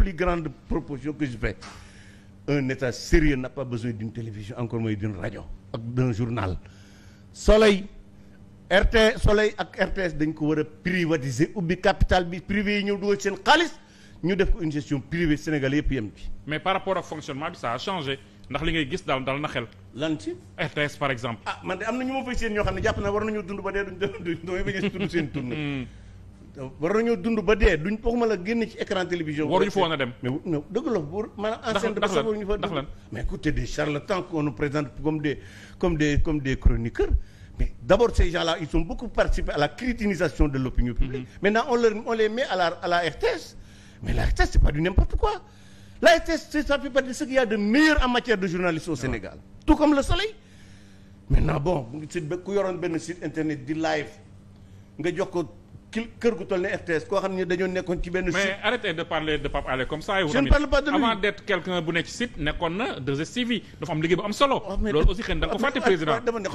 plus grande proposition que je fais un état sérieux n'a pas besoin d'une télévision encore moins d'une rajo ak d'un journal soleil RT soleil ak RTS dañ ko war a privatiser ubbi capital bi privé yi ñëw dugal seen xaalis ñu def ko une gestion privée Sénégal yëpp yem ci. mais par rapport ak fonctionnement bi ça a changé ndax li ngay gis daal dal na xel. lan ci RTS par exemple. ah man de am na ñu ma fay seen ñoo xam ne jàpp na war nañoo dund ba dee duñ doon a tudd seen war nañoo dund ba dee duñ waxuma la génn ci écran télévision. waruñu fa dem mais dëgg la bu maanaam en scène de bassin waruñu fa dund mais écoutez des charlatans qu'on nous présente comme des comme des comme des chroniqueurs mais d'abord ces gens-là ils ont beaucoup participé à la crétinisation de l'opinion publique mm-hmm. maintenant on on les met à la RTS mais la RTS c'est pas du n'importe quoi la RTS ça fait partie de ce qu'il y a de meilleur en matière de journalisme au ah. Sénégal tout comme le Soleil maintenant bon site ku yoroon benn site internet di live nga jox ko ki kër gu toll ne RTS koo xam ne dañoo nekkoon ci benn. mais arrêtez de parler de Pape Alé comme ça. je ne parle avant d'être quelqu'un bu nekk ci site nekkoon na 2STV dafa am liggéey bu am solo. Oh, loolu aussi xëy na ah, fàtte président.